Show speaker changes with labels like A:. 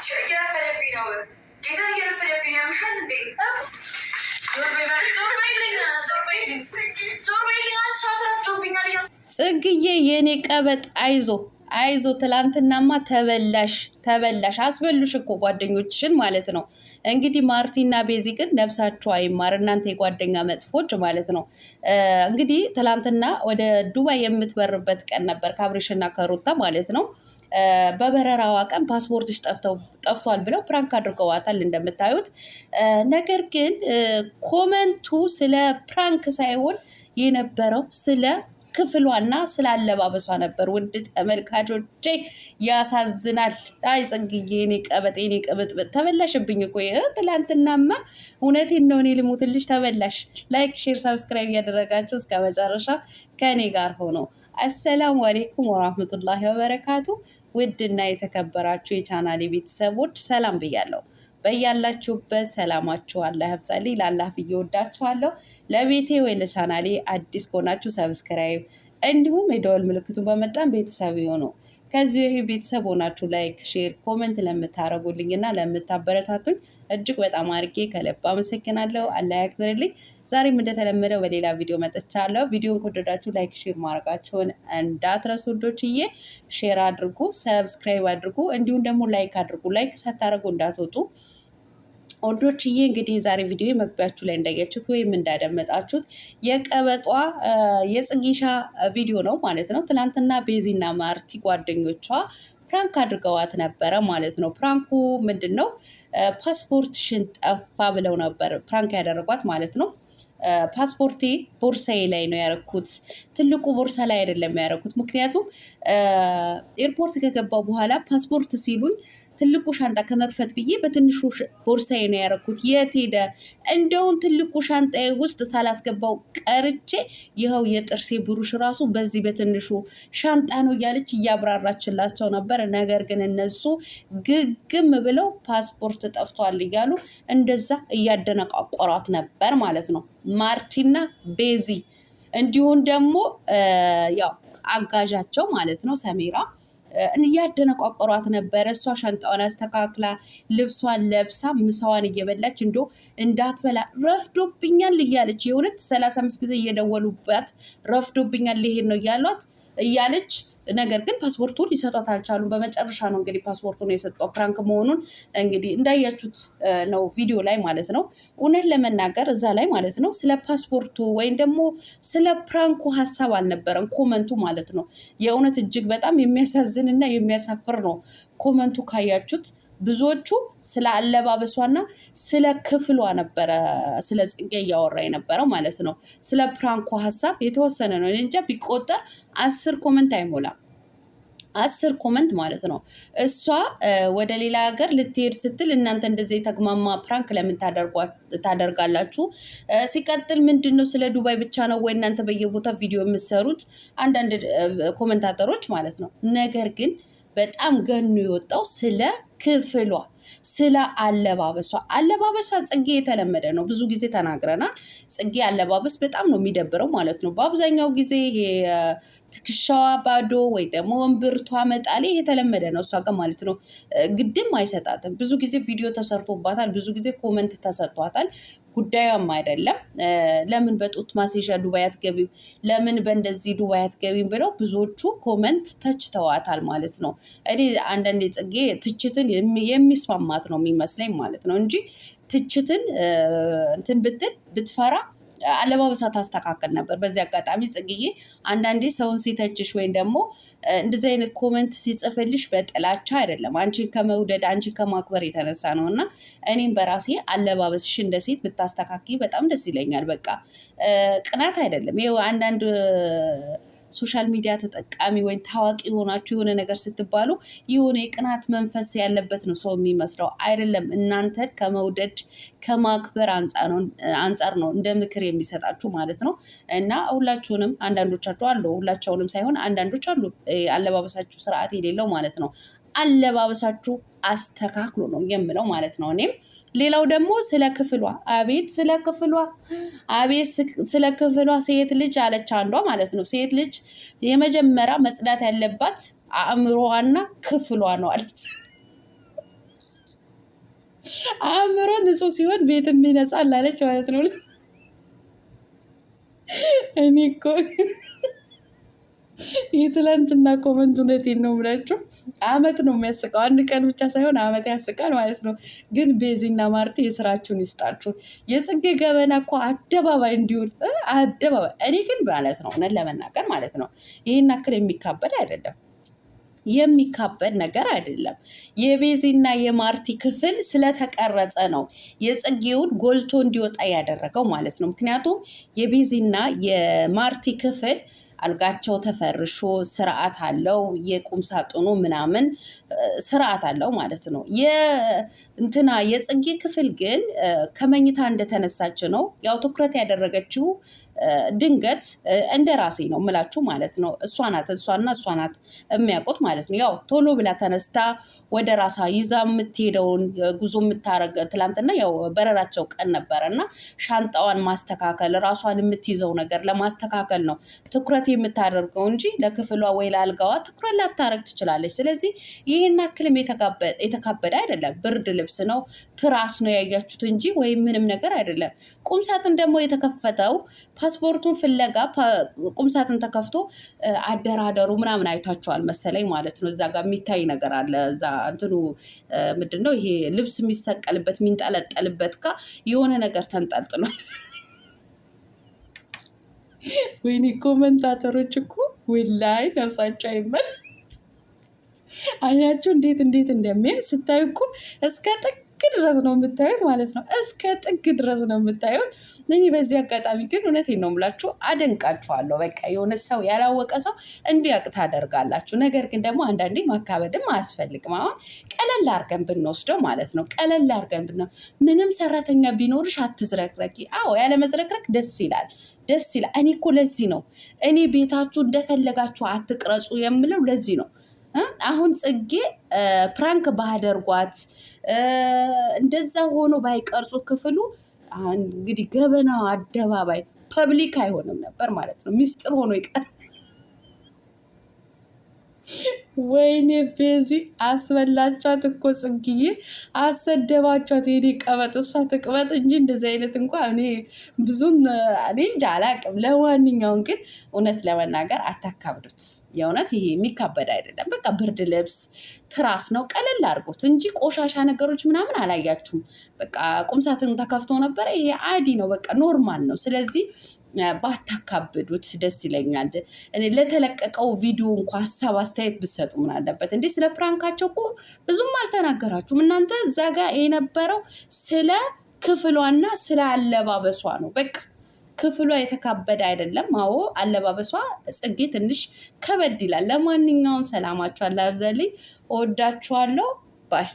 A: አንቺ እየረፈደብኝ ነው። ጌታ እየረፈደብኝ ያምሻል እንዴ?
B: ጽግዬ የእኔ ቀበጥ አይዞ አይዞ ትላንትናማ ተበላሽ ተበላሽ አስበሉሽ እኮ ጓደኞችሽን ማለት ነው። እንግዲህ ማርቲና ቤዚ ግን ነብሳችሁ አይማር እናንተ የጓደኛ መጥፎች ማለት ነው። እንግዲህ ትላንትና ወደ ዱባይ የምትበርበት ቀን ነበር ካብሪሽና ከሩታ ማለት ነው። በበረራዋ ቀን ፓስፖርትሽ ጠፍቷል ብለው ፕራንክ አድርገዋታል እንደምታዩት። ነገር ግን ኮመንቱ ስለ ፕራንክ ሳይሆን የነበረው ስለ ክፍሏና ስላለባበሷ ነበር። ውድ ተመልካቾቼ ያሳዝናል። አይ ጽንግዬ፣ ኔ ቀበጥ፣ ኔ ቅብጥብጥ ተበላሽብኝ እኮ ትላንትናማ። እውነቴን ነው፣ እኔ ልሙትልሽ ተበላሽ። ላይክ፣ ሼር፣ ሰብስክራይብ እያደረጋቸው እስከ መጨረሻ ከእኔ ጋር ሆኖ አሰላሙ አሌይኩም ወራህመቱላሂ ወበረካቱ። ውድና የተከበራችሁ የቻናሌ ቤተሰቦች ሰላም ብያለሁ። በያላችሁበት ሰላማችሁ አለ ያብዛልኝ። ላላፍ እየወዳችኋለሁ። ለቤቴ ወይ ለቻናሌ አዲስ ከሆናችሁ ሰብስክራይብ እንዲሁም የደወል ምልክቱን በመጣም ቤተሰብ የሆኑ ከዚህ ይህ ቤተሰብ ሆናችሁ ላይክ፣ ሼር፣ ኮመንት ለምታደረጉልኝ እና ለምታበረታቱኝ እጅግ በጣም አድርጌ ከልብ አመሰግናለሁ። አላህ ያክብርልኝ። ዛሬም እንደተለመደው በሌላ ቪዲዮ መጥቻለሁ። ቪዲዮን ከወደዳችሁ ላይክ፣ ሼር ማድረጋችሁን እንዳትረሱ ውዶችዬ። ሼር አድርጉ፣ ሰብስክራይብ አድርጉ፣ እንዲሁም ደግሞ ላይክ አድርጉ። ላይክ ሳታደርጉ እንዳትወጡ ዬ እንግዲህ የዛሬ ቪዲዮ መግቢያችሁ ላይ እንዳያችሁት ወይም እንዳደመጣችሁት የቀበጧ የጽጌሻ ቪዲዮ ነው ማለት ነው። ትናንትና ቤዚና ማርቲ ጓደኞቿ ፕራንክ አድርገዋት ነበረ ማለት ነው። ፕራንኩ ምንድን ነው? ፓስፖርትሽን ጠፋ ብለው ነበር ፕራንክ ያደረጓት ማለት ነው። ፓስፖርቴ ቦርሳዬ ላይ ነው ያረኩት። ትልቁ ቦርሳ ላይ አይደለም ያረኩት። ምክንያቱም ኤርፖርት ከገባው በኋላ ፓስፖርት ሲሉኝ ትልቁ ሻንጣ ከመክፈት ብዬ በትንሹ ቦርሳዬ ነው ያደረኩት። የት ሄደ? ትልቁ ሻንጣዬ ውስጥ ሳላስገባው ቀርቼ ይኸው የጥርሴ ብሩሽ ራሱ በዚህ በትንሹ ሻንጣ ነው እያለች እያብራራችላቸው ነበር። ነገር ግን እነሱ ግግም ብለው ፓስፖርት ጠፍቷል እያሉ እንደዛ እያደነቋቆሯት ነበር ማለት ነው። ማርቲና ቤዚ እንዲሁም ደግሞ ያው አጋዣቸው ማለት ነው ሰሜራ እያደነቋቆሯት ነበረ። እሷ ሻንጣዋን አስተካክላ ልብሷን ለብሳ ምሳዋን እየበላች እንዶ እንዳትበላ ረፍዶብኛል እያለች የእውነት ሰላሳ አምስት ጊዜ እየደወሉባት ረፍዶብኛል ሊሄድ ነው እያሏት እያለች ነገር ግን ፓስፖርቱን ሊሰጧት አልቻሉም። በመጨረሻ ነው እንግዲህ ፓስፖርቱን የሰጠው ፕራንክ መሆኑን እንግዲህ እንዳያችሁት ነው ቪዲዮ ላይ ማለት ነው። እውነት ለመናገር እዛ ላይ ማለት ነው ስለ ፓስፖርቱ ወይም ደግሞ ስለ ፕራንኩ ሀሳብ አልነበረም ኮመንቱ ማለት ነው። የእውነት እጅግ በጣም የሚያሳዝን እና የሚያሳፍር ነው ኮመንቱ ካያችሁት ብዙዎቹ ስለ አለባበሷና ስለ ክፍሏ ነበረ ስለ ጽጌ እያወራ የነበረው ማለት ነው። ስለ ፕራንኮ ሀሳብ የተወሰነ ነው እንጃ ቢቆጠር አስር ኮመንት አይሞላም። አስር ኮመንት ማለት ነው። እሷ ወደ ሌላ ሀገር ልትሄድ ስትል እናንተ እንደዚ የተግማማ ፕራንክ ለምን ታደርጋላችሁ? ሲቀጥል ምንድን ነው ስለ ዱባይ ብቻ ነው ወይ እናንተ በየቦታ ቪዲዮ የምትሰሩት? አንዳንድ ኮመንታተሮች ማለት ነው። ነገር ግን በጣም ገኑ የወጣው ስለ ክፍሏ ስለ አለባበሷ አለባበሷ ጽጌ የተለመደ ነው። ብዙ ጊዜ ተናግረናል። ጽጌ አለባበስ በጣም ነው የሚደብረው ማለት ነው። በአብዛኛው ጊዜ ይሄ ትከሻዋ ባዶ ወይ ደግሞ እምብርቷ መጣሌ የተለመደ ነው እሷ ጋር ማለት ነው። ግድም አይሰጣትም። ብዙ ጊዜ ቪዲዮ ተሰርቶባታል። ብዙ ጊዜ ኮመንት ተሰጥቷታል። ጉዳዩም አይደለም። ለምን በጡት ማስያዣ ዱባይ አትገቢም? ለምን በእንደዚህ ዱባይ አትገቢም? ብለው ብዙዎቹ ኮመንት ተችተዋታል ማለት ነው። እኔ አንዳንዴ ጽጌ ትችትን የሚስማማት ነው የሚመስለኝ ማለት ነው እንጂ ትችትን እንትን ብትል ብትፈራ አለባበሷ ታስተካከል ነበር። በዚህ አጋጣሚ ጽግዬ አንዳንዴ ሰውን ሲተችሽ ወይም ደግሞ እንደዚህ አይነት ኮመንት ሲጽፍልሽ በጥላቻ አይደለም፣ አንቺን ከመውደድ አንቺን ከማክበር የተነሳ ነው እና እኔም በራሴ አለባበስሽ እንደ ሴት በጣም ደስ ይለኛል። በቃ ቅናት አይደለም። ይኸው አንዳንድ ሶሻል ሚዲያ ተጠቃሚ ወይም ታዋቂ ሆናችሁ የሆነ ነገር ስትባሉ የሆነ የቅናት መንፈስ ያለበት ነው ሰው የሚመስለው አይደለም። እናንተን ከመውደድ ከማክበር አንጻር ነው እንደ ምክር የሚሰጣችሁ ማለት ነው። እና ሁላችሁንም አንዳንዶቻችሁ አሉ፣ ሁላቸውንም ሳይሆን አንዳንዶች አሉ አለባበሳችሁ ስርዓት የሌለው ማለት ነው። አለባበሳችሁ አስተካክሉ ነው የምለው ማለት ነው። እኔም ሌላው ደግሞ ስለ ክፍሏ፣ አቤት ስለ ክፍሏ፣ አቤት ስለ ክፍሏ። ሴት ልጅ አለች አንዷ ማለት ነው። ሴት ልጅ የመጀመሪያ መጽዳት ያለባት አእምሮዋና ክፍሏ ነው አለች። አእምሮ ንጹህ ሲሆን ቤትም ይነጻል አለች ማለት ነው። እኔ እኮ የትላንትና ኮመንት እውነቴን ነው የምላቸው። አመት ነው የሚያስቀው፣ አንድ ቀን ብቻ ሳይሆን አመት ያስቃል ማለት ነው። ግን ቤዚና ማርቲ የስራችሁን ይስጣችሁ። የጽጌ ገበና እኮ አደባባይ እንዲሆን አደባባይ። እኔ ግን ማለት ነው እውነት ለመናገር ማለት ነው ይህን አክል የሚካበድ አይደለም የሚካበድ ነገር አይደለም። የቤዚና የማርቲ ክፍል ስለተቀረጸ ነው የጽጌውን ጎልቶ እንዲወጣ ያደረገው ማለት ነው። ምክንያቱም የቤዚና የማርቲ ክፍል አልጋቸው ተፈርሾ ስርዓት አለው። የቁም ሳጥኑ ምናምን ስርዓት አለው ማለት ነው። እንትና የጽጌ ክፍል ግን ከመኝታ እንደተነሳች ነው ያው ትኩረት ያደረገችው ድንገት እንደ ራሴ ነው የምላችሁ ማለት ነው። እሷ ናት እሷና እሷ ናት የሚያውቁት ማለት ነው። ያው ቶሎ ብላ ተነስታ ወደ ራሳ ይዛ የምትሄደውን ጉዞ የምታረግ ትላንትና ያው በረራቸው ቀን ነበረ እና ሻንጣዋን ማስተካከል ራሷን የምትይዘው ነገር ለማስተካከል ነው ትኩረት የምታደርገው እንጂ ለክፍሏ ወይ ለአልጋዋ ትኩረት ላታረግ ትችላለች። ስለዚህ ይህን አክልም የተካበደ አይደለም። ብርድ ልብስ ነው ትራስ ነው ያያችሁት እንጂ ወይም ምንም ነገር አይደለም። ቁምሳጥን ደግሞ የተከፈተው ፓስፖርቱን ፍለጋ ቁምሳጥን ተከፍቶ አደራደሩ ምናምን አይታችኋል መሰለኝ ማለት ነው። እዛ ጋር የሚታይ ነገር አለ። እዛ እንትኑ ምንድን ነው ይሄ ልብስ የሚሰቀልበት የሚንጠለጠልበት ጋ የሆነ ነገር ተንጠልጥሏል። ወይኔ ኮመንታተሮች እኮ ውላይ ተብሳቸው አይመል አይናቸው እንዴት እንዴት እንደሚያ ስታዩ እኮ እስከ ጥቅ ጥግ ድረስ ነው የምታዩት ማለት ነው። እስከ ጥግ ድረስ ነው የምታዩት። እኔ በዚህ አጋጣሚ ግን እውነቴን ነው የምላችሁ አደንቃችኋለሁ። በቃ የሆነ ሰው ያላወቀ ሰው እንዲያውቅ ታደርጋላችሁ። ነገር ግን ደግሞ አንዳንዴ ማካበድም አያስፈልግም። አሁን ቀለል አድርገን ብንወስደው ማለት ነው። ቀለል አድርገን ብን ምንም ሰራተኛ ቢኖርሽ አትዝረክረኪ። አዎ ያለ መዝረክረክ ደስ ይላል ደስ ይላል። እኔ እኮ ለዚህ ነው እኔ ቤታችሁ እንደፈለጋችሁ አትቅረጹ የምለው ለዚህ ነው። አሁን ጽጌ ፕራንክ ባደርጓት እንደዛ ሆኖ ባይቀርጹ ክፍሉ እንግዲህ ገበናው አደባባይ ፐብሊክ አይሆንም ነበር ማለት ነው። ሚስጥር ሆኖ ይቀር ወይኔ ቤዚ አስበላቻት እኮ ጽግዬ፣ አሰደባቸት። የኔ ቀበጥ እሷ ትቅበጥ እንጂ እንደዚህ አይነት እንኳ እኔ ብዙም እኔ እንጃ አላቅም። ለማንኛውም ግን እውነት ለመናገር አታካብዱት። የእውነት ይሄ የሚካበድ አይደለም። በቃ ብርድ ልብስ ትራስ ነው ቀለል አድርጎት እንጂ ቆሻሻ ነገሮች ምናምን አላያችሁም። በቃ ቁምሳትን ተከፍቶ ነበረ። ይሄ አዲ ነው፣ በቃ ኖርማል ነው። ስለዚህ ባታካብዱት ደስ ይለኛል። እኔ ለተለቀቀው ቪዲዮ እንኳ ሀሳብ አስተያየት ብሰጡ ምን አለበት እንዴ? ስለ ፕራንካቸው እኮ ብዙም አልተናገራችሁም እናንተ። እዛ ጋ የነበረው ስለ ክፍሏና ስለ አለባበሷ ነው በቃ ክፍሏ የተካበደ አይደለም። አዎ አለባበሷ ጽጌ ትንሽ ከበድ ይላል። ለማንኛውም ሰላማችኋል፣ አብዛልኝ፣ እወዳችኋለሁ ባይ